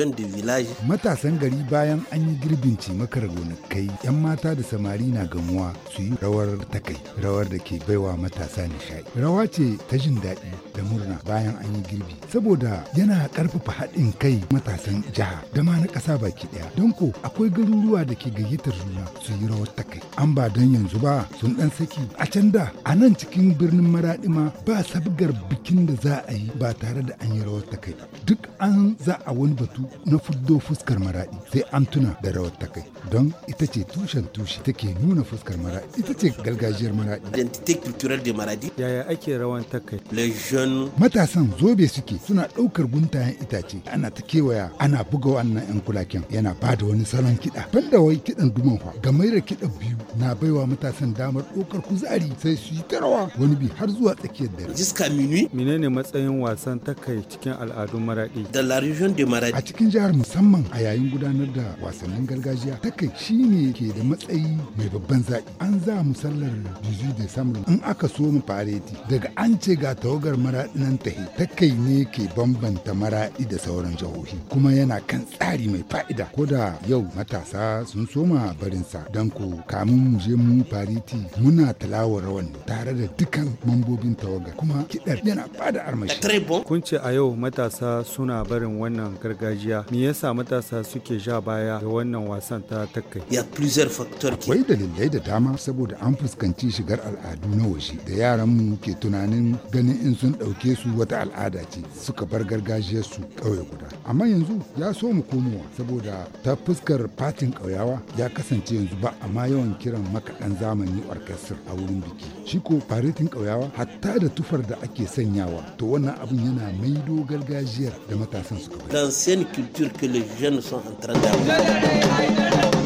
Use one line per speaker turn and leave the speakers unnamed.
jean de village
matasan gari bayan an yi girbin cimakar gonakai yan mata da samari na gamuwa su yi rawar takai rawar da ke baiwa matasa nishadi rawa ce ta jin daɗi da murna bayan an yi girbi saboda yana ƙarfafa haɗin kai matasan jiha da ma na ƙasa baki ɗaya don ko akwai garuruwa da ke gayyatar juna su yi rawar takai an ba don yanzu ba sun ɗan saki a can da a nan cikin birnin maraɗima ba sabgar bikin da za a yi ba tare da an yi rawar takai duk an za a wani batu na fuddo fuskar maraɗi sai an tuna da rawar ta kai don ita ce tushen tushe take nuna fuskar maraɗi ita ce gargajiyar maraɗi.
Identité culturelle de maraɗi. Yaya ake rawan ta kai?
Matasan zobe suke suna ɗaukar guntayen itace ana ta kewaya ana buga wannan 'yan kulaken yana bada wani salon kiɗa. Banda wai kiɗan dumanfa ga da kiɗan biyu na baiwa matasan damar ɗaukar kuzari sai su yi tarawa wani bi har zuwa tsakiyar dare. Jiska
minui. Menene matsayin wasan kai cikin al'adun maraɗi? Da la région de maraɗi. A
cikin jihar musamman a yayin gudanar da wasannin gargajiya takai ne ke da matsayi mai babban zaɓi. An za musallar Juju Desambar in aka so mu fareti daga an ce ga tawagar maraɗi nan ta takai ne ke bambanta maraɗi da sauran jihohi kuma yana kan tsari mai fa'ida ko da yau matasa sun soma barinsa don ku kamun mu je mu fariti muna talawar rawan tare da dukkan mambobin tawaga kuma kiɗar yana bada armashi.
Kun ce a yau matasa suna barin wannan gargajiya me yasa matasa suke ja baya da wannan wasan ta takai? Ya
Akwai dalilai da dama saboda an fuskanci shigar al'adu na waje da yaran mu ke tunanin ganin in sun ɗauke su wata al'ada ce suka bar gargajiyar su ƙauye guda. Amma yanzu ya so mu komowa saboda ta fuskar fatin ƙauyawa ya kasance yanzu ba amma yawan kira kiran makaɗan zamani orchestra a wurin biki shi ko faretin ƙauyawa hatta da tufar da ake sanyawa to wannan abin yana mai maido gargajiyar da matasan suka
dans L'ancienne culture que les jeunes sont en